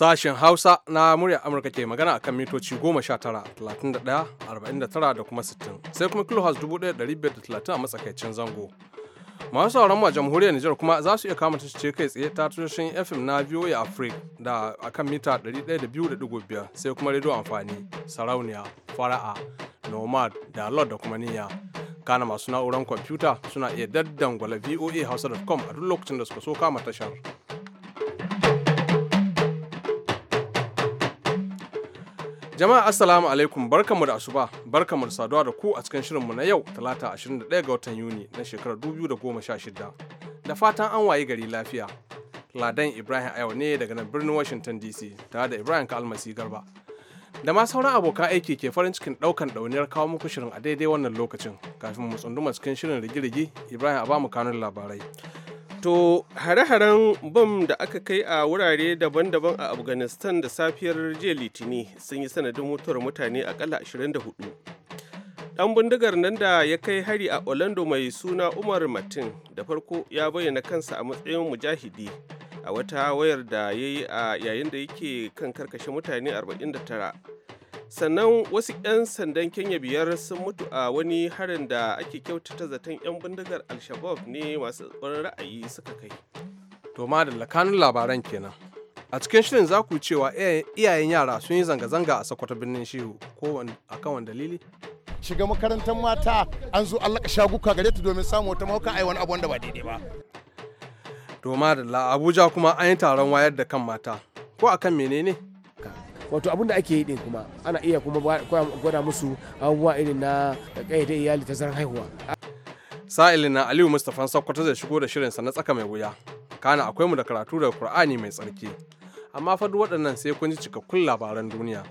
Sashen Hausa na muryar Amurka ke magana akan mitoci 19, 31, 49 da kuma 60, sai kuma kilohaz 1530 a matsakaicin zango. Masu sauran mu a jamhuriyar Nijar kuma za su iya kama ta ce kai tsaye ta tushen FM na VOA Africa da akan mita 102.5 sai kuma rediyo amfani, sarauniya, fara'a, nomad da lord da kuma niyya. Kana masu na'urar kwamfuta suna iya daddangwala voa hausa.com a duk lokacin da suka so kama tashar. Jama'a Assalamu alaikum barkamu da asuba barkamu da saduwa da ku a cikin mu na yau talata 21 ga watan Yuni na shekarar 2016 da fatan an waye gari lafiya. Ladan Ibrahim Ayo ne daga nan birnin Washington DC tare da Ibrahim Kalmasi Garba. Da ma sauran abokan aiki ke farin cikin ɗaukan ɗauniyar kawo muku shirin a daidai wannan lokacin kafin mu tsunduma cikin shirin rigirigi Ibrahim a bamu kanun labarai. To hare-haren bom da aka kai a wurare daban-daban a Afghanistan da safiyar jiya Litini sun yi sanadin mutuwar mutane akalla 24. Ɗan bindigar nan da ya kai hari a Orlando mai suna Umar Martin da farko ya bayyana kansa a matsayin mujahidi a wata wayar da ya yi a yayin da yake kan karkashe mutane 49. sannan wasu 'yan sandan kenya biyar sun mutu a wani harin da ake kyautata zaton 'yan bindigar al-shabab ne masu tsoron ra'ayi suka kai to da kanun labaran kenan a cikin shirin za ku cewa iyayen yara sun yi zanga-zanga a sakwato birnin shehu ko a wani dalili shiga makarantar mata an zo allaka shaguka gare ta domin samu wata mauka ai wani abu wanda ba daidai ba to madalla abuja kuma an yi taron wayar da kan mata ko akan menene wato abin da ake yi din kuma ana iya kuma gwada musu abubuwa irin na kayyade iyali ta zaran haihuwa sa'il na aliyu mustafan sokoto zai shigo da shirinsa na tsaka mai wuya kana akwai mu da karatu da kur'ani mai tsarki amma fa duk waɗannan sai kun ji cikakkun labaran duniya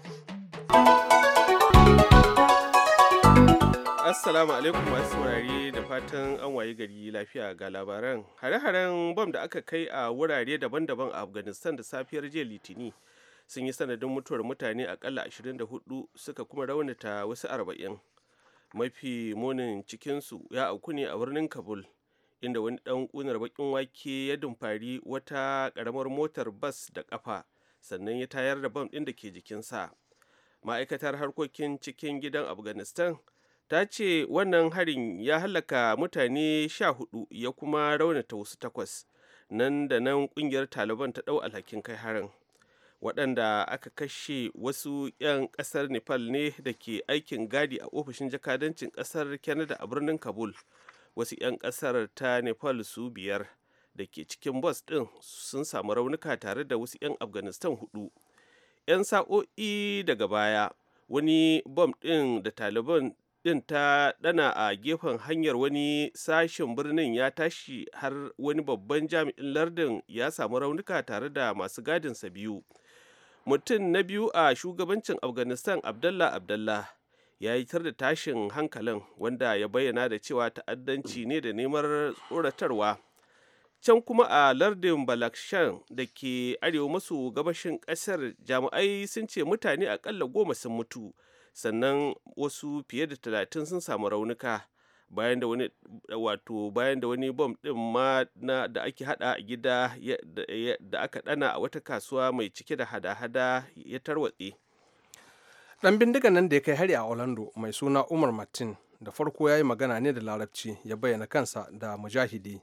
Assalamu alaikum masu wurare da fatan an wayi gari lafiya ga labaran. Hare-haren bom da aka kai a wurare daban-daban a Afghanistan da safiyar jiya Litini sun yi sanadin mutuwar mutane akalla 24 suka kuma raunata wasu 40 mafi munin cikinsu ya auku ne a birnin kabul inda wani ɗan kunar baƙin wake ya dumfari wata karamar motar bas da ƙafa sannan ya tayar da bam ɗin da ke jikinsa ma'aikatar harkokin cikin gidan afghanistan ta ce wannan harin ya halaka mutane sha hudu ya kuma raunata wasu takwas nan da nan ƙungiyar taliban ta ɗau alhakin kai harin waɗanda aka kashe wasu 'yan ƙasar nepal ne da ke aikin gadi a ofishin jakadancin ƙasar canada a birnin kabul wasu 'yan ƙasar ta nepal su biyar da ke cikin bus ɗin sun samu raunuka tare da wasu 'yan afghanistan hudu 'yan sa'o'i daga baya wani bom ɗin da taliban ɗin ta ɗana a gefen hanyar wani sashen birnin ya tashi har wani babban jami'in lardin ya samu raunuka tare da masu gadinsa biyu mutum na biyu a shugabancin afghanistan abdallah abdallah ya yi tar da tashin hankalin wanda ya bayyana da cewa ta'addanci ne da neman tsoratarwa can kuma a lardin balakshan da ke arewa maso gabashin kasar jami'ai sun ce mutane akalla goma sun mutu sannan wasu fiye da talatin sun samu raunuka bayan da wani wato bayan da wani bom din ma da ake hada gida da aka dana a wata kasuwa mai cike da hada-hada ya tarwatse dan bindiga nan da ya kai hari a orlando mai suna umar martin da farko ya yi magana ne da larabci ya bayyana kansa da mujahidi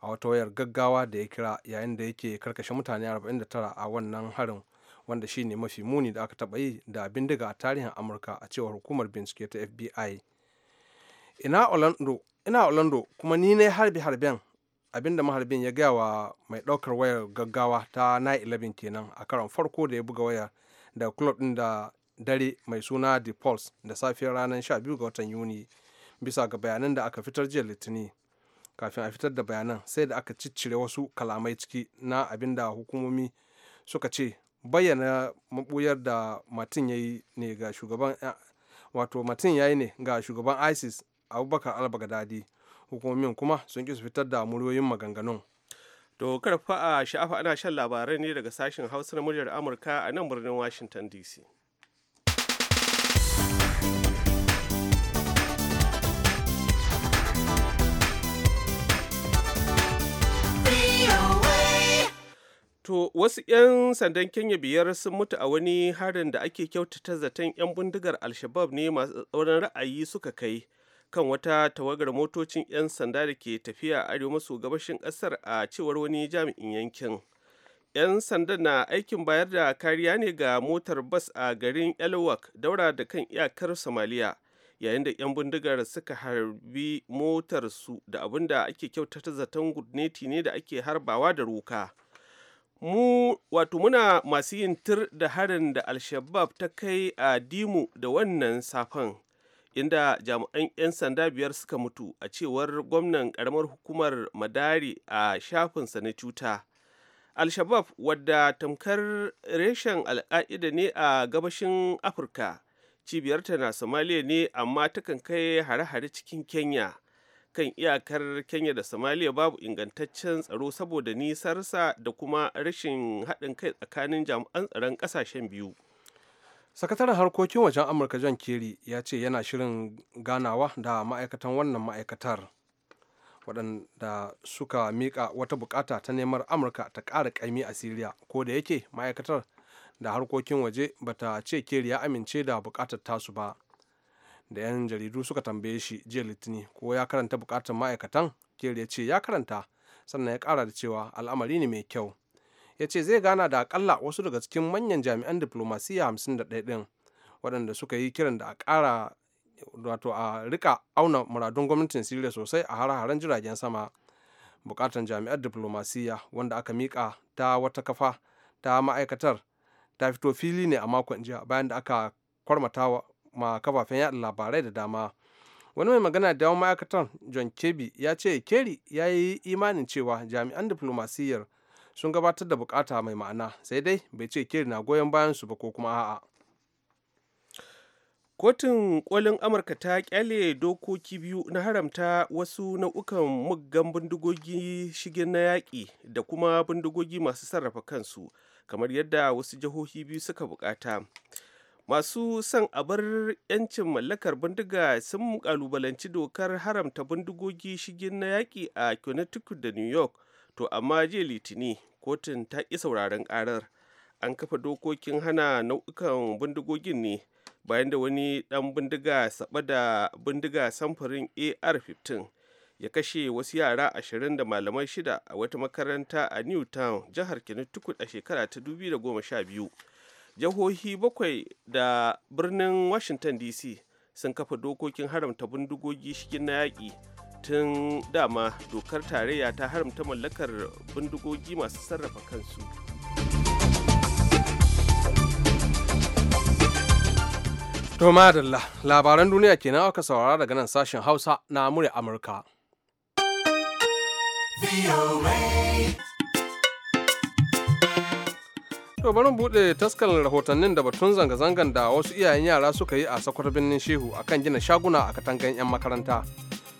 a wata wayar gaggawa da ya kira yayin da yake karkashe mutane 49 a wannan harin wanda shine mafi muni da aka taba yi da bindiga a tarihin amurka a cewar hukumar bincike ta fbi ina orlando ina orlando kuma ni ne harbe harben abinda maharbin ya gaya wa mai daukar wayar gaggawa ta 911 kenan a karon farko da ya buga waya da club din da dare mai suna the pulse da safiyar ranar 12 ga watan yuni bisa ga bayanan da aka fitar jiya litinin kafin a fitar da bayanan sai da aka ciccire wasu kalamai ciki na abinda hukumomi suka ce bayyana mabuyar da wato matin ya yi ne ga shugaban isis abubakar al-baghdadi hukumomin kuma sun ƙi su fitar da muryoyin maganganun to karfa a sha'afa ana shan labarai ne daga sashen hausa na muryar amurka a nan birnin washington dc To wasu 'yan sandan Kenya biyar sun mutu a wani harin da ake kyautata zaton 'yan bindigar Alshabab ne masu tsauran ra'ayi suka kai kan wata tawagar motocin 'yan sanda da ke tafiya arewa maso gabashin ƙasar a cewar wani jami'in yankin 'yan sanda na aikin bayar da kariya ne ga motar bas a garin elwak daura da kan iyakar somaliya yayin da 'yan bindigar suka harbi motar su da abin da ake kyautata zaton gudneti ne da ake harbawa da ruka mu wato muna masu yin tir da harin da alshabab ta kai a dimu da wannan safen inda jami'an 'yan sanda biyar suka mutu a cewar gwamnan karamar hukumar madari a shafinsa na cuta al-shabab wadda tamkar reshen alka'ida ne a gabashin afirka cibiyarta na somalia ne amma takan kai hare-hare cikin kenya kan iyakar kenya da somalia babu ingantaccen tsaro saboda nisarsa da kuma rashin haɗin kai tsakanin jami'an tsaron ƙasashen biyu sakataren harkokin wajen amurka john kerry ya ce yana shirin ganawa da ma'aikatan wannan ma'aikatar waɗanda suka miƙa wata bukata ta neman amurka ta ƙara ƙaimi a siriya ko da yake ma'aikatar da harkokin waje bata ce kerry ya amince da buƙatar tasu ba da 'yan jaridu suka tambaye shi jiya litini ko ya karanta bukatar ma'aikatan kerry ya ce ya karanta sannan ya ƙara da cewa al'amari ne mai kyau ya ce zai gana da akalla wasu daga cikin manyan jami'an diplomasiya 51 ɗin waɗanda suka yi kiran da a ƙara wato a rika auna muradun gwamnatin siriya sosai a har haren jiragen sama bukatan jami'ar diplomasiya wanda aka mika ta wata kafa ta ma'aikatar ta fito fili ne a makon jiya bayan da aka kwarmata ma kafafen yada labarai da dama wani mai magana da yawan ma'aikatar john kebi ya ce keri ya yi imanin cewa jami'an diplomasiyyar sun gabatar da bukata mai ma'ana sai dai bai ce kiri na goyon bayan su ba ko kuma a'a kotun kolin amurka ta kyale dokoki biyu na haramta wasu nau'ukan muggan bindigogi shige na yaƙi da kuma bindigogi masu sarrafa kansu kamar yadda wasu jihohi biyu suka bukata masu son a bar 'yancin mallakar bindiga sun kalubalanci dokar haramta bindigogi shige na yaƙi a connecticut da new york to amma jiya litini kotun ta ƙi sauraron ƙarar an kafa dokokin hana nau'ukan bindigogin ne bayan da wani ɗan bindiga saba da bindiga samfurin ar-15 ya kashe wasu yara ashirin da malamai shida a wata makaranta a newtown jihar kinitukud a shekara ta 2012 jihohi bakwai da birnin washington dc sun kafa dokokin haramta bindigogi shigin na yaƙi tun dama dokar tarayya ta haramta mallakar bindigogi masu sarrafa kansu to madalla labaran duniya kenan aka saurara daga nan sashen hausa na murya amurka To bari buɗe taskar rahotannin da batun zanga-zangan da wasu iyayen yara suka yi a sakwar birnin Shehu akan gina shaguna a katangan 'yan makaranta.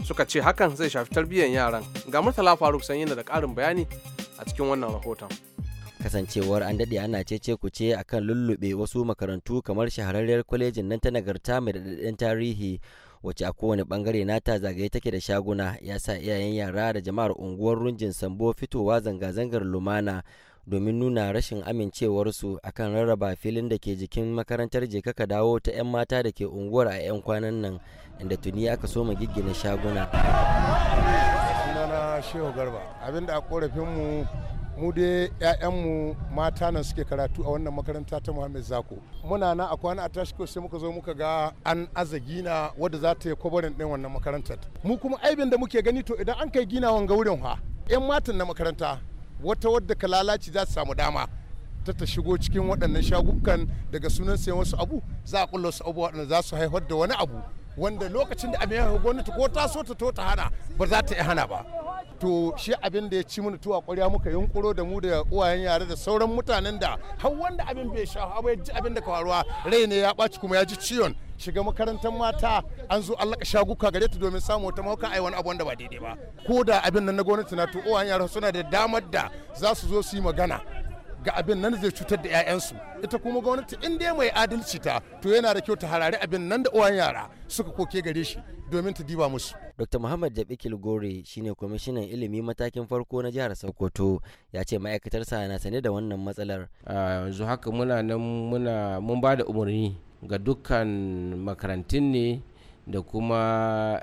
Suka ce hakan zai shafi tarbiyyar yaran. Ga Murtala Faruk sanyi da karin bayani a cikin wannan rahoton. kasancewar an daɗe ana cece ku ce akan lullube wasu makarantu kamar shahararriyar kwalejin nan ta nagarta mai daɗaɗɗen tarihi wace a kowane bangare nata zagaye take da shaguna ya sa iyayen yara da jama'ar unguwar runjin sambo fitowa zanga-zangar lumana domin nuna rashin amincewarsu akan rarraba filin da ke jikin makarantar jeka ka dawo ta 'yan mata da ke unguwar a 'yan kwanan nan inda tuni aka soma giggina shaguna sunana shehu garba a korafinmu mu dai 'ya'yanmu mata nan suke karatu a wannan makaranta ta muhammed zako muna na a kwana a tashi sai muka zo muka ga an aza gina wadda za ta yi kwabarin ɗin wannan makarantar mu kuma aibin da muke gani to idan an kai gina wanga wurin ha 'yan matan na makaranta wata wadda ka lalaci za ta samu dama ta ta shigo cikin waɗannan shagukan daga sunan sayan wasu abu za a kulla wasu abu waɗanda za su haifar da wani abu wanda lokacin da abin ya gwamnati ko ta so ta to ta hana ba za ta iya hana ba to shi abin da ya ci mana tuwa ƙwarya muka yunkuro da mu da uwayen yare da sauran mutanen da har wanda abin bai sha abu ya ji abin da kawarwa rai ne ya ɓaci kuma ya ji ciwon shiga makarantar mata an zo an laka shaguka gare ta domin samu wata mahauka ai wani abu wanda ba daidai ba ko da abin nan na gwamnati na to uwayen yare suna da damar da za su zo su yi magana ga abin nan zai cutar da 'ya'yansu ita kuma gwamnati in dai mai adalci ta to yana da kyau ta harari abin nan da uwan yara suka koke gare shi domin ta diba musu dr muhammad jabikil gore shine kwamishinan ilimi matakin farko na jihar sokoto ya ce ma'aikatarsa na sane da wannan matsalar yanzu haka muna nan muna mun ba da umarni ga dukkan makarantun ne da kuma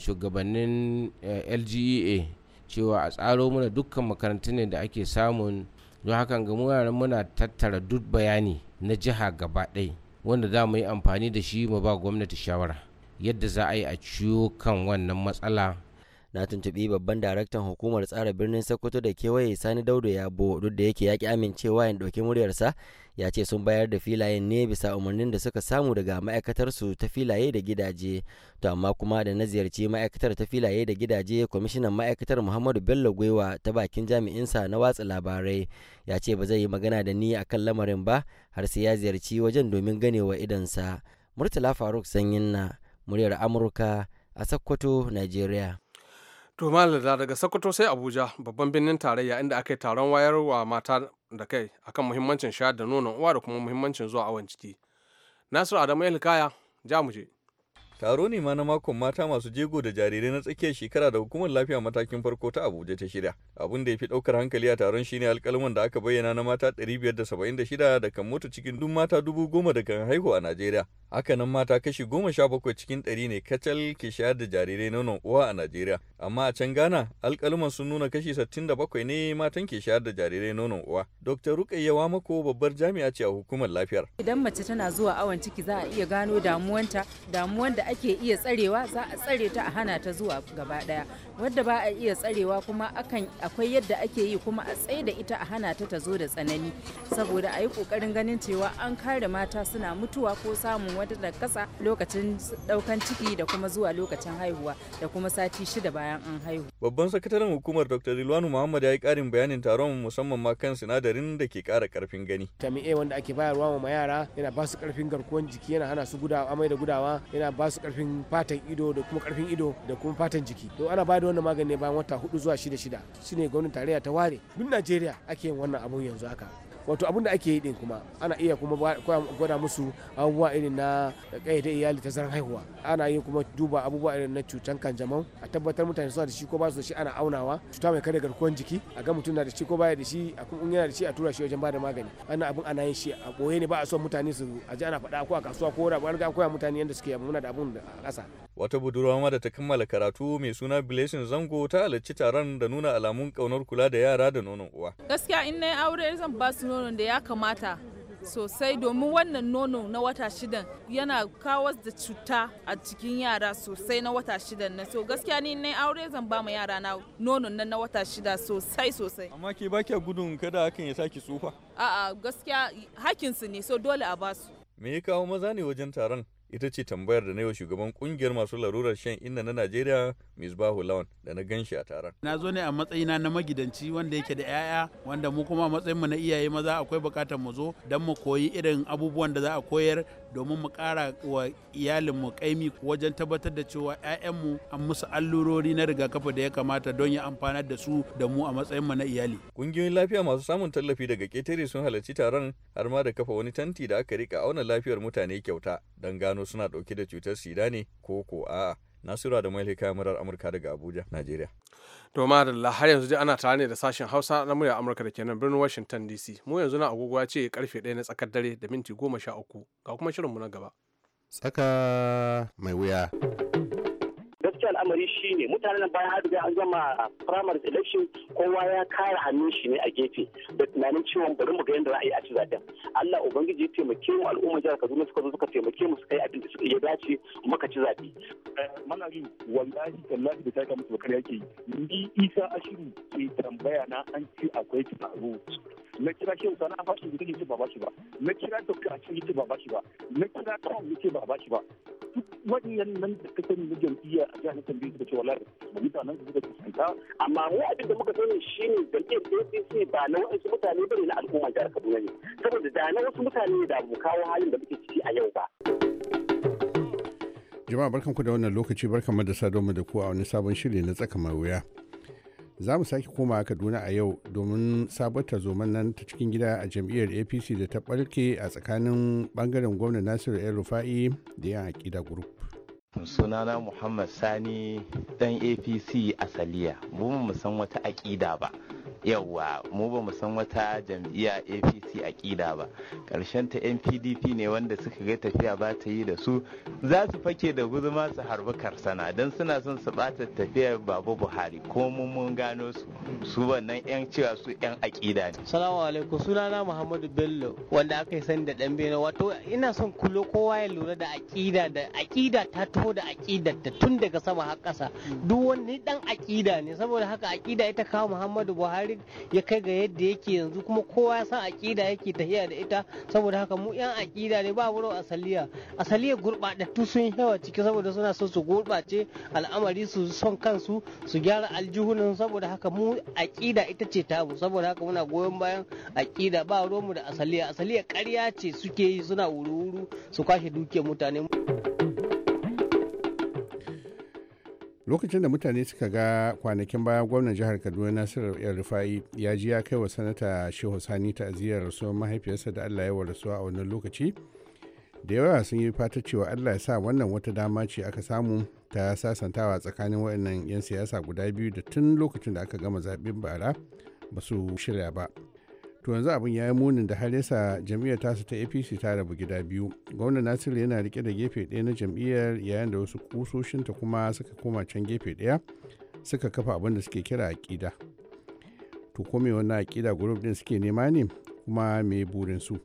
shugabannin eh, lgea cewa a tsaro muna dukkan makarantun ne da ake samun don hakan ga muna muna tattara duk bayani na jiha gaba ɗaya wanda za mu yi amfani da shi mu ba gwamnati shawara yadda za a yi a ciwo kan wannan matsala na tuntubi babban daraktan hukumar tsara birnin sokoto da kewaye sani daudu ya bo duk da yake ya ki amincewa ya ɗauki muryarsa ya ce sun bayar da filayen ne bisa umarnin da suka samu daga ma'aikatar su ta filaye da gidaje to amma kuma da na ziyarci ma'aikatar ta filaye da gidaje kwamishinan ma'aikatar muhammadu bello gwiwa ta bakin jami'insa na watsa labarai ya ce ba zai yi magana da ni akan lamarin ba har sai ya ziyarci wajen domin ganewa idansa murtala faruk sanyin na muryar amurka a sokoto nigeria to malala daga sokoto sai abuja babban birnin tarayya inda aka yi taron wa mata da kai akan muhimmancin shayar da nonon uwa da kuma muhimmancin zuwa awon ciki nasiru adamu ilkaya ja mu je Taro ne ma na makon mata masu jego da jarirai na tsakiyar shekara da hukumar lafiya matakin farko ta Abuja ta shirya. Abin da ya fi daukar hankali a taron shine alkalman da aka bayyana na mata 576 da kan mutu cikin duk mata dubu goma da kan haihu a Najeriya. Hakanan mata kashi goma sha bakwai cikin ɗari ne kacal ke shayar da jarirai nonon uwa a Najeriya. Amma a can Ghana alkalman sun nuna kashi 67 ne matan ke shayar da jarirai nonon uwa. Dr. Rukayya mako babbar jami'a ce a hukumar lafiyar. Idan mace tana zuwa awon ciki za a iya gano damuwanta, damuwan da ake iya tsarewa za a tsare ta a hana ta zuwa gaba daya wadda ba a iya tsarewa kuma akan akwai yadda ake yi kuma a tsaye da ita a hana ta ta zo da tsanani saboda a yi kokarin ganin cewa an kare mata suna mutuwa ko samun wata da kasa lokacin daukan ciki da kuma zuwa lokacin haihuwa da kuma sati shida bayan an haihu babban sakataren hukumar dr rilwanu muhammad ya yi karin bayanin taron musamman ma kan sinadarin da ke kara karfin gani vitamin a wanda ake bayarwa ma yara yana ba su karfin garkuwan jiki yana hana su gudawa amai da gudawa yana ba su karfin fatan ido da kuma karfin ido da kuma fatan jiki to ana bada wannan magani bayan wata hudu zuwa shida shida shine gwamnatin tarayya ta ware duk najeriya ake yin wannan abun yanzu haka wato abin da ake yi din kuma ana iya kuma gwada musu abubuwa irin na kayyade iyali ta zaran haihuwa ana yi kuma duba abubuwa irin na cutan kanjamau a tabbatar mutane suna da shi ko ba su da shi ana aunawa cuta mai kare garkuwar jiki a ga mutum na da shi ko baya da shi a kun yana da shi a tura shi wajen bada magani ana abin ana yin shi a boye ne ba a son mutane su aje ana faɗa ko a kasuwa ko wani abu an ga koya mutane yadda suke muna da abun a ƙasa Wata budurwa ma da ta kammala karatu mai suna Blessing Zango ta halarci taron da nuna alamun kaunar kula da yara da nonon uwa. Gaskiya in na aure zan ba su nonon da ya kamata sosai domin wannan nono na wata shidan yana kawo da cuta a cikin yara sosai na wata shidan na so gaskiya ni na aure zan ba ma yara na nono nan na wata shida sosai sosai amma ke ba gudun kada hakan ya saki tsufa a'a gaskiya hakinsu ne so dole a basu me ya kawo maza ne wajen taron ita ce tambayar da na yau shugaban kungiyar masu larurar shan inna na Najeriya ms bahu Lawan da na ganshi a taron. Na zo ne a matsayina na magidanci wanda yake da 'ya'ya wanda mu kuma matsayin mu na iyaye maza akwai bukatar mu zo don mu koyi irin abubuwan da za a koyar domin mu kara wa iyalinmu kaimi wajen tabbatar da cewa 'ya'yanmu an musu allurori na rigakafi da ya kamata don ya amfanar da su da mu a matsayin mu na iyali. Ƙungiyoyin lafiya masu samun tallafi daga ƙetare sun halarci taron har ma da kafa wani tanti da aka rika auna lafiyar mutane kyauta don gano suna ɗauke da cutar sida ne ko ko a'a. Nasura da Mailika Murar Amurka daga Abuja, Najeriya. to madalla har yanzu dai ana tare ne da sashen hausa na murya amurka da ke nan birnin washington dc mu yanzu na agogo ya ce karfe ɗaya na tsakar dare da minti goma sha uku ga kuma shirinmu na gaba tsaka mai wuya gaskiya al'amari shi ne mutanen bayan an an gama primary election kowa ya kare hannun shi ne a gefe da tunanin cewa bari mu ga yadda za a yi a ci zaben Allah ubangiji ya taimake mu al'umma jihar Kaduna suka zo suka taimake mu suka yi abin da suka ya dace muka ci zaɓe eh, mana yi wallahi tallafi da ta kama musu bakar yake yi ni Isa Ashiru ke tambaya na an ce akwai tsaro. na kira shehu sana an bashi ita yake ba shi ba na kira dokta a cikin ba shi ba na kira tom yake ba shi ba duk wannan nan da ka sani na jam'iyyar a jihar Kano suka ce wallahi ba mutanen su suka fuskanta amma mu da muka sani da jam'iyyar APC ba na wasu mutane bane na al'umma jihar Kaduna ne saboda da na wasu mutane da mu kawo halin da muke ciki a yau ba jama'a barkanku da wannan lokaci barkanmu da sadomu da ku a wani sabon shiri na tsaka mai wuya za mu sake koma kaduna a yau domin sabuwar zoman nan ta cikin gida a jam'iyyar apc da ta ɓarke a tsakanin ɓangaren gwamnan nasiru el rufa'i da yan aƙida group sunana muhammad sani dan apc asaliya mu san wata aƙida ba Yau mu ba san wata jam'iyya apc aƙida ba ƙarshen ta npdp ne wanda suka ga tafiya ba ta yi da su za su fake da guzuma su harbi karsana don suna son su bata tafiyar baba buhari ko mun mun gano su su wannan yan cewa su yan aƙida ne salamu alaikum sunana muhammadu bello wanda aka yi sani da dan bena wato ina son kulo kowa ya lura da aƙida da aƙida ta taho da aƙidar da tun daga sama har ƙasa duk wani dan aƙida ne saboda haka aƙida ita kawo muhammadu buhari har ya kai ga yadda yake yanzu kuma kowa ya san aƙida yake tahiya da ita saboda haka mu yan aƙida ne ba wurin asaliya asaliya gurɓatattu sun yawa ciki saboda suna so su gurɓace al'amari su son kansu su gyara aljihunan saboda haka mu aƙida ita ce ta mu saboda haka muna goyon bayan aƙida ba mu da asaliya asaliya ƙarya ce suke yi suna wuru-wuru su kwashe dukiyar mutane. lokacin da mutane suka ga kwanakin baya gwamnan jihar kaduna nasiru yan rufa'i ya ji ya kai wa sanata shehu sani ta'aziyar rasuwar mahaifiyarsa da allah ya warasu a wannan lokaci da yawa sun yi fata cewa allah ya sa wannan wata dama ce aka samu ta sasantawa tsakanin waɗannan 'yan siyasa guda biyu da tun lokacin da aka gama zaɓen bara ba su shirya ba to yanzu abin ya yi munin da har yasa jam'iyyar tasu ta apc ta rabu gida biyu gwamna nasiru yana rike da gefe ɗaya na jam'iyyar yayin da wasu kusoshinta kuma suka koma can gefe ɗaya suka kafa abin da suke kira aƙida to ko wannan aƙida group ɗin suke nema ne kuma me burin su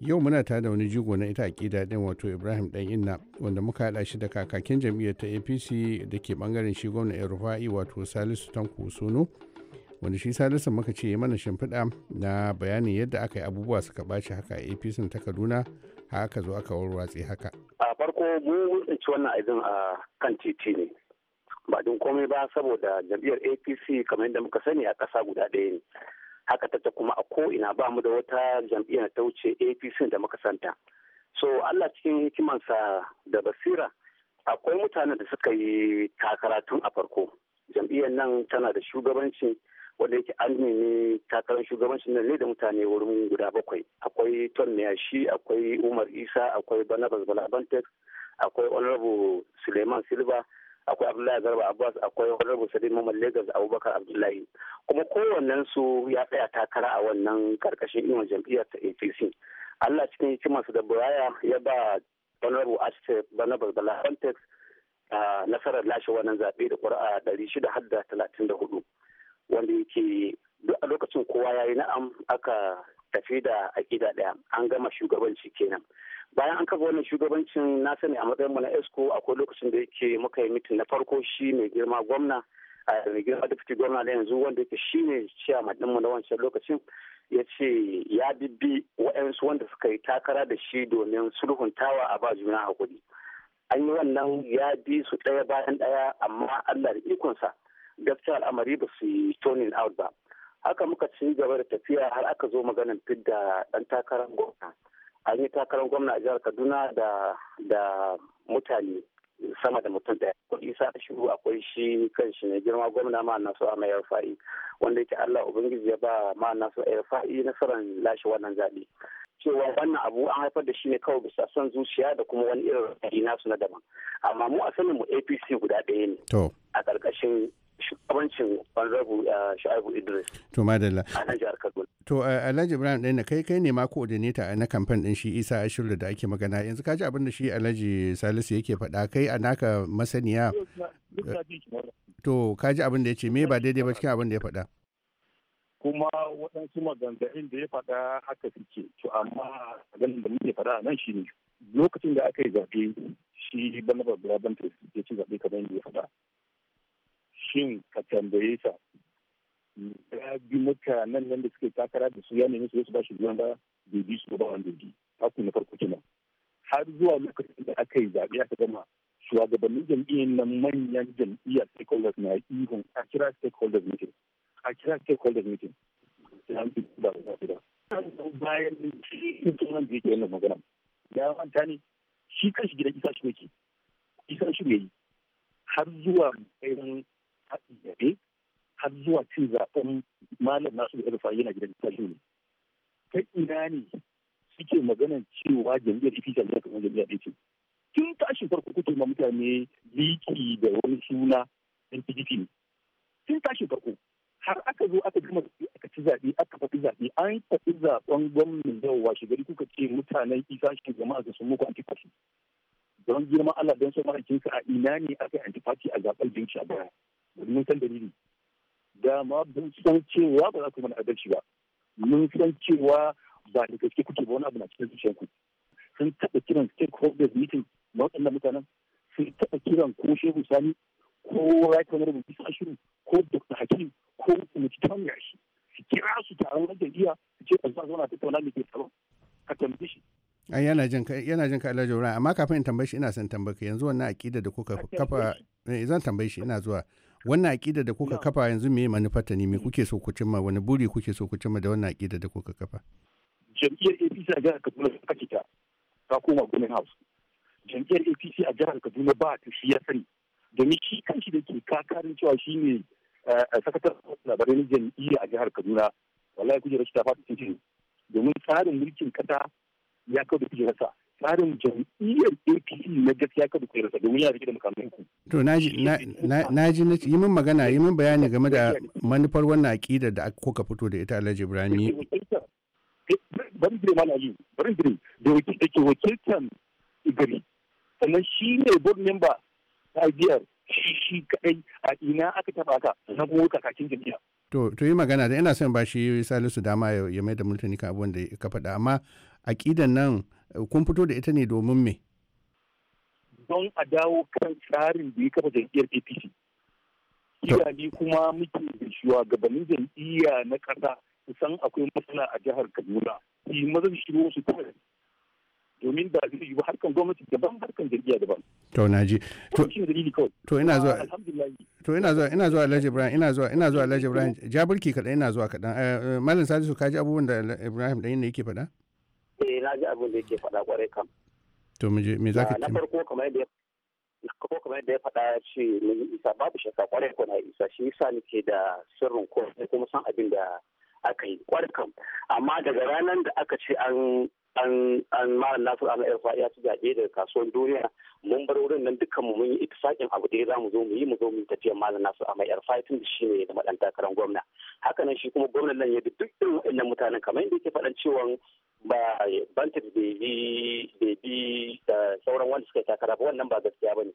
yau muna tare da wani jigo na ita aƙida ɗin wato ibrahim ɗan inna wanda muka haɗa shi da kakakin jam'iyyar ta apc da ke ɓangaren shi gwamna rufa'i wato salisu tanko sono wanda shi salisu muka ce mana shimfiɗa na bayanin yadda aka yi abubuwa suka ɓaci haka a apc ta kaduna haka zo aka warwatse haka a farko mun tsinci wannan aizin a kan titi ne ba don komai ba saboda jam'iyyar apc kamar yadda muka sani a ƙasa guda ɗaya ne haka ta kuma a ko ina ba mu da wata jam'iyyar ta wuce apc da muka santa so allah cikin hikimansa da basira akwai mutanen da suka yi takara tun a farko jam'iyyar nan tana da shugabanci wanda yake an nemi takarar shugabancin nan ne da mutane wurin guda bakwai akwai ton yashi akwai umar isa akwai banabas balabantex akwai honorable suleiman silva akwai abdullahi garba abbas akwai honorable salim mamman Legas abubakar abdullahi kuma kowannen su ya tsaya takara a wannan karkashin inuwar jam'iyyar ta apc allah cikin hikimarsa da buraya ya ba honorable ashte banabas balabantex ah, nasarar lashe wannan zaɓe da ƙura'a ɗari shida har da talatin da hudu wanda yake duk a lokacin kowa ya yi na'am aka tafi da aƙida ɗaya an gama shugabanci kenan bayan an kafa wannan shugabancin na sani a matsayin mu na esco akwai lokacin da yake muka yi mitin na farko shi mai girma gwamna a mai girma deputy gwamna da yanzu wanda yake shi ne ciyama mu na wancan lokacin ya ce ya bibbi waɗansu wanda suka yi takara da shi domin sulhuntawa a ba juna hakuri an yi wannan ya bi su ɗaya bayan ɗaya amma allah da ikonsa gaskiya al'amari ba su yi tonin out ba haka muka ci gaba da tafiya har aka zo maganin fidda dan takarar gwamna an yi takarar gwamna a jihar kaduna da da mutane sama da mutum daya kuɗi sa shiru akwai shi kan shi ne girma gwamna ma nasu a mai fa'i wanda yake allah ubangiji ya ba ma nasu a fa'i nasarar lashe wannan zaɓe cewa wannan abu an haifar da shi ne kawai bisa son zuciya da kuma wani irin ra'ayi nasu na daban amma mu a sanin mu apc guda ɗaya ne a ƙarƙashin shugabancin Honorable uh, Sha'ibu Idris. To madalla. A nan To uh, Alhaji Ibrahim ɗaya kai kai ne ma coordinator na kamfan ɗin shi Isa Ashiru da ake magana yanzu ka ji abin da shi Alhaji Salisu yake faɗa kai a naka masaniya. To ka ji abin da ya ce me ba daidai ba cikin abin da ya faɗa. kuma waɗansu maganganun da ya faɗa haka suke to amma ganin da muke faɗa nan shi ne lokacin da aka yi zaɓe shi bana babu ya ci zaɓe kamar yadda ya faɗa shin ka tambaye sa ya bi mutanen nan da suke takara da su yanayi su su ba shi ba bai bi su ba wanda bi haku na farko kenan har zuwa lokacin da aka yi zaɓe aka gama shugabannin jam'iyyar nan manyan jam'iyyar stakeholders na ihun a kira stakeholders meeting a kira stakeholders meeting an bi ba da zaɓe ba bayan ya manta ne shi kanshi gidan isa shi yake isa shi yi har zuwa bayan har zuwa cin zaɓen malam nasu da yana gidan tashi ne kai ina ne suke magana cewa jam'iyyar ifisa ne kamar jam'iyyar ɗaya ce tun tashi farko kuke ma mutane liki da wani suna ɗan pdp ne tun tashi farko har aka zo aka gama aka ci zaɓe aka faɗi zaɓe an faɗi zaɓen gwamnan yawwa shigari kuka ce mutanen isa shi jama'a ga sun muku antifati don girma Allah don sauran kinsa a ina ne aka yi antifati a zaɓen jinci a baya domin san dalili dama mun san cewa ba za ku mana adalci ba mun san cewa ba da gaske kuke ba wani abu na cikin ku sun taɓa kiran stakeholders meeting na waɗannan mutanen sun taɓa kiran ko shehu sani ko right honorable bisa shiru ko dr hakim ko mutu ta hanyar shi su kira su taron na jam'iyya su ce ba za ta tauna mai ke tsaro ka tambi shi. ai yana jin ka yana jin ka Alhaji Ibrahim amma kafin in tambaye shi ina son tambaye yanzu wannan aƙida da kuka kafa eh, zan tambaye shi ina zuwa wannan aƙida da kuka kafa yanzu me manufarta ne me mm. kuke so ku cimma wani buri kuke so ku cimma da wannan aƙida da kuka kafa jam'iyyar APC a jihar Kaduna ta ta koma Golden House jam'iyyar APC a jihar Kaduna ba ta shi ya sani domin shi kanshi da ke kakarin cewa shi ne eh, eh, sakatar labarai na jam'iyya a jihar Kaduna wallahi kujerar shi ta faɗi cikin domin tsarin mulkin kasa ya kawo da kujerarsa tsarin jam'iyyar apc na gaskiya kada ku yarda domin yana rike da to na ji na yi min magana yi min bayani game da manufar wannan aƙidar da kuka fito da ita alhaji ibrahim. a ina to yi magana da ina son ba shi salisu dama ya mai da multani kan abubuwan da ka faɗa amma aƙidan nan Eh, kun fito da ita ne domin me don a dawo kan tsarin da ya kafa jam'iyyar apc iyali kuma muke da shugabannin jam'iyya na ƙasa su san akwai matsala a jihar kaduna yi mazan shiro su kawai domin da zai yi ba harkan gwamnati daban harkan jam'iyya daban to na ji to ina zuwa to ina zuwa ina zuwa alhaji ibrahim ina zuwa ina zuwa alhaji ibrahim jabirki kaɗan ina zuwa kaɗan eh, malam salisu ji abubuwan da ibrahim ɗan yake faɗa eh na ji abin da yake faɗa kwarai kam to me za ka na farko kamar yadda ko kamar yadda ya faɗa shi mun isa babu shakka kwarai ko na isa shi yasa nake da sirrin ko kuma san abin da aka yi kwarai kam amma daga ranar da aka ce an an an mara nasu ana yarfa ya ci jaje daga kasuwar duniya mun bar wurin nan dukkan mu mun yi ittifaqin abu da za mu zo mu yi mu zo mu tafiya malam nasu a mai yarfa tun da shi ne da madan takarar gwamna haka nan shi kuma gwamnan nan ya duk irin waɗannan mutanen kamar yadda yake faɗan cewa ba bantin bai bi da eh, sauran wanda suka takara ba wannan ba gaskiya ba ne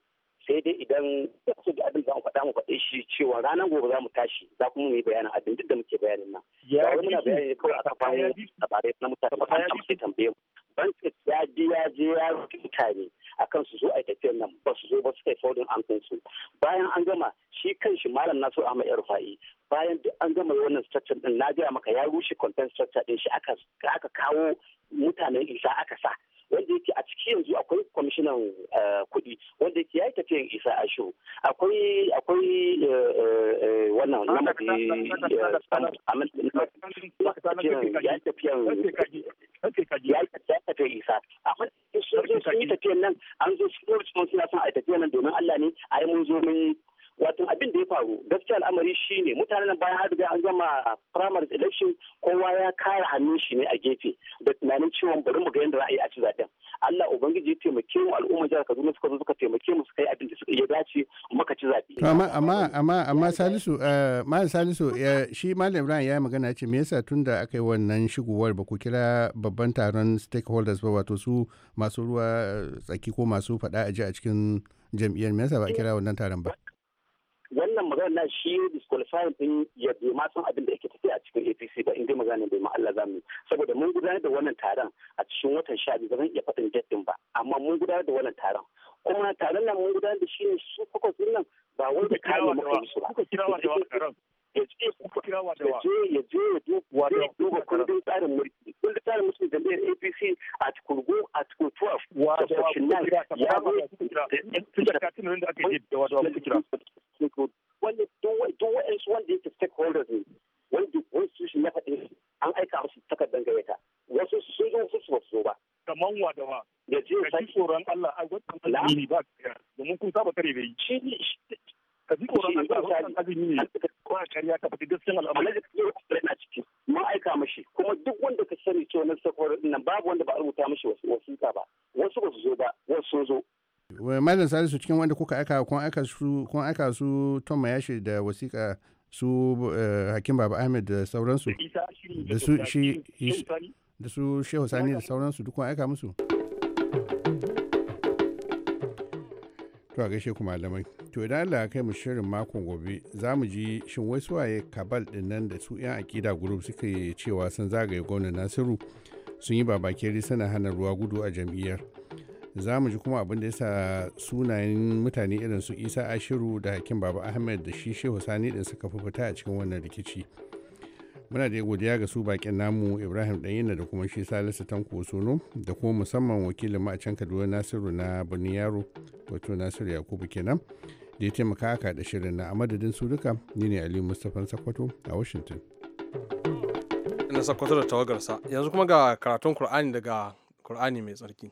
sai dai idan ya so abin da faɗa mu faɗe shi cewa ranar gobe za mu tashi za kuma mu yi bayanin abin duk da muke bayanin nan ya yi muna bayani ne kawai akan bayan labarai na mutane ba kuma ce tambaye mu banki ya je ya je ya mutane akan su zo a tafiyar nan ba su zo ba su kai faudin an su bayan an gama shi kan shi malam nasu ahmad yar fa'i bayan duk an gama wannan structure din na gaya maka ya rushe content structure din shi aka kawo mutanen isa aka sa wanda yake a ciki yanzu akwai kwamishinan eh, kuɗi wanda yake ya yi tafiyan isa asho akwai akwai eh, eh, wannan namadi ya yi tafiyan isa amma sun yi tafiyan nan an zo su suna son a tafiyan nan domin allah ne a yi mun zo mun wato abin da ya faru gaskiya al'amari ne mutanen nan bayan riga an gama primary election kowa ya kare hannun shi ne a gefe da tunanin cewa bari mu ga yadda za a yi a ci zaben Allah ubangiji ya taimake mu al'umma jihar Kaduna suka zo suka taimake mu su yi abin da suka ya dace muka ci zaɓe. amma amma amma amma Salisu eh, malam Salisu eh, shi malam Ibrahim ya magana ce me yasa tunda aka yi wannan shigowar ba ku kira babban taron stakeholders ba wato su masu ruwa eh, tsaki ko masu faɗa a ji a cikin jam'iyyar me yasa ba a kira wannan taron ba wannan magana na shi ya disqualify din ya bai ma san abin da yake tafiya a cikin APC ba in dai magana bai ma Allah zamu saboda mun gudanar da wannan taron a cikin watan sha biyu ba zan iya fadin jaddin ba amma mun gudanar da wannan taron kuma taron nan mun gudanar da shi ne su kuka nan ba wai da kawo ba kuka kira wa taron ya je ya ya duba kundin tsarin mulki kundin tsarin mulki jam'iyyar apc a tukurgu a tukur 12 da section 9 ya zo da wa'ansu wanda yake stakeholders ne wanda constitution ya faɗi an aika musu takardar gayyata wasu sun zo wasu ba su zo ba kaman wa da wa ya je ka ji tsoron Allah ai wannan azumi ba domin kun saba kare shi ne ka ji tsoron Allah wannan azumi ne kariya ka fita gaskiyan al'amari na ciki mun aika mashi kuma duk wanda ka sani cewa na stakeholders nan babu wanda ba a rubuta mashi wasu ba wasu ba su zo ba wasu sun zo malam salisu cikin wanda kuka aika kun aika su kun aika su tom mayashi da wasiƙa su eh, hakim baba ahmed da sauransu da su shi da su shehu sani da sauransu duk kun aika musu to a gaishe ku malamai to idan Allah ya kai mu shirin makon gobe za mu ji shin wai suwaye kabal din nan da su yan akida group suke cewa sun zagaye gwamnan nasiru sun yi babakeri sana hana ruwa gudu a jam'iyyar za mu ji kuma abin da yasa sunayen mutane irin su isa ashiru da hakim baba ahmed da shi shehu sani din suka fi fita a cikin wannan rikici muna da godiya ga su bakin namu ibrahim ɗanyina da kuma shi salisu tanko sono da kuma musamman wakilin mu a can kaduna nasiru na birnin yaro wato nasiru yakubu kenan da ya taimaka aka da shirin na a madadin su duka ni ne aliyu mustapha sakwato a washington na sakwato da tawagarsa yanzu kuma ga karatun kur'ani daga kur'ani mai tsarki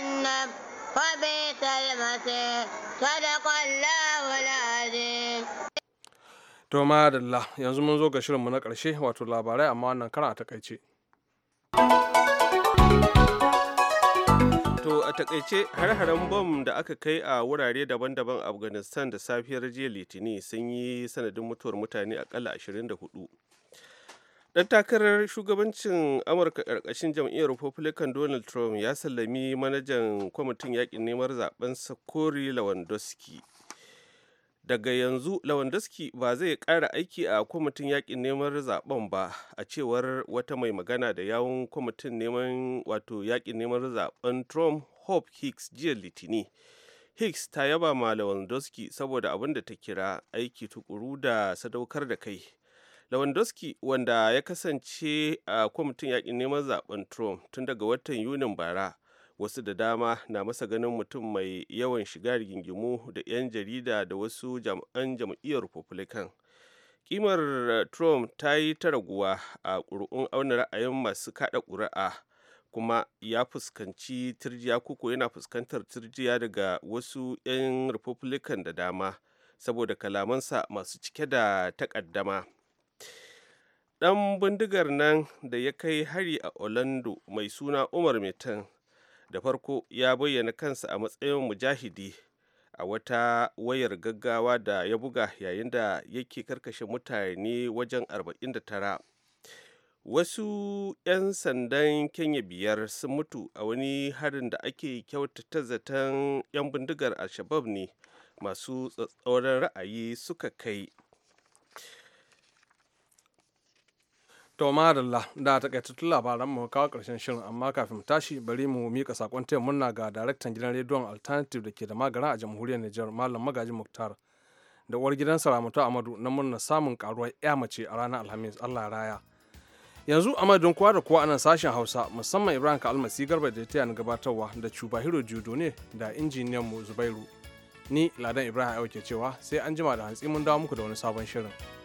جهنم وبئس المصير صدق الله العظيم To madalla yanzu mun zo ga shirinmu na ƙarshe wato labarai amma wannan karan a takaice. To a takaice har-haren bom da aka kai a wurare daban-daban Afghanistan da safiyar jiya Litinin sun yi sanadin mutuwar mutane akalla 24. Dan takarar shugabancin Amurka ƙarƙashin jam'iyyar Republican Donald Trump ya sallami manajan kwamitin yakin neman zaben kori Lewandowski. Daga yanzu Lewandowski ba zai ƙara aiki a kwamitin yakin neman zaben ba a cewar wata mai magana da yawun kwamitin neman wato yakin neman zaben Trump Hope Hicks jiya Litini. Hicks ta yaba ma Lewandowski saboda abin da ta kira aiki tukuru da sadaukar da kai. lewandowski wanda ya kasance a kwamitin yakin neman zaben trump tun daga watan yunin bara wasu da dama na masa ganin mutum mai yawan shiga rigingimu da 'yan jarida da wasu jam'an jam'iyyar republican kimar trump ta yi ta raguwa a ƙuri'un auna ra'ayin masu kaɗa ƙuri'a kuma ya fuskanci turjiya koko yana fuskantar turjiya daga wasu 'yan republican da dama saboda kalamansa masu cike da takaddama ɗan bindigar nan da ya kai hari a orlando mai suna umar metan da farko ya bayyana kansa a matsayin mujahidi a wata wayar gaggawa da ya buga yayin da yake karkashe mutane wajen 49 wasu 'yan sandan kenya biyar sun mutu a wani harin da ake kyautata zaton 'yan bindigar al-shabab ne masu tsatsauran ra'ayi suka kai To madalla da takaitattun labaran mu kawo karshen shirin amma kafin mu tashi bari mu mika sakon taya murna ga daraktan gidan rediyon Alternative da ke da magana a jamhuriyar Nijar Malam Magaji Muktar da uwar gidan saramatu Amadu na murna samun karuwar ya mace a ranar Alhamis Allah raya. Yanzu amadu don kowa da kowa anan sashen Hausa musamman Ibrahim Kalmasi Garba da ta gabatarwa da Cuba Hiro Judo ne da injiniyan mu Zubairu. Ni Ladan Ibrahim ya ke cewa sai an jima da hantsi mun dawo muku da wani sabon shirin.